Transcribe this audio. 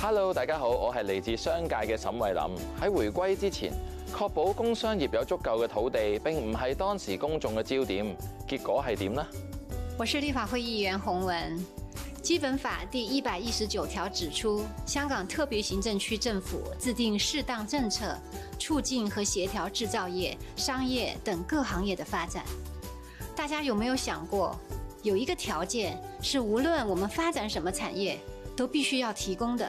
Hello，大家好，我是嚟自商界嘅沈慧林。喺回歸之前，確保工商業有足夠嘅土地，並唔係當時公眾嘅焦點。結果係點呢？我是立法會議員洪雯。基本法第一百一十九條指出，香港特別行政區政府制定適當政策，促進和協調製造業、商業等各行業的發展。大家有沒有想過，有一個條件是無論我們發展什麼產業，都必須要提供的？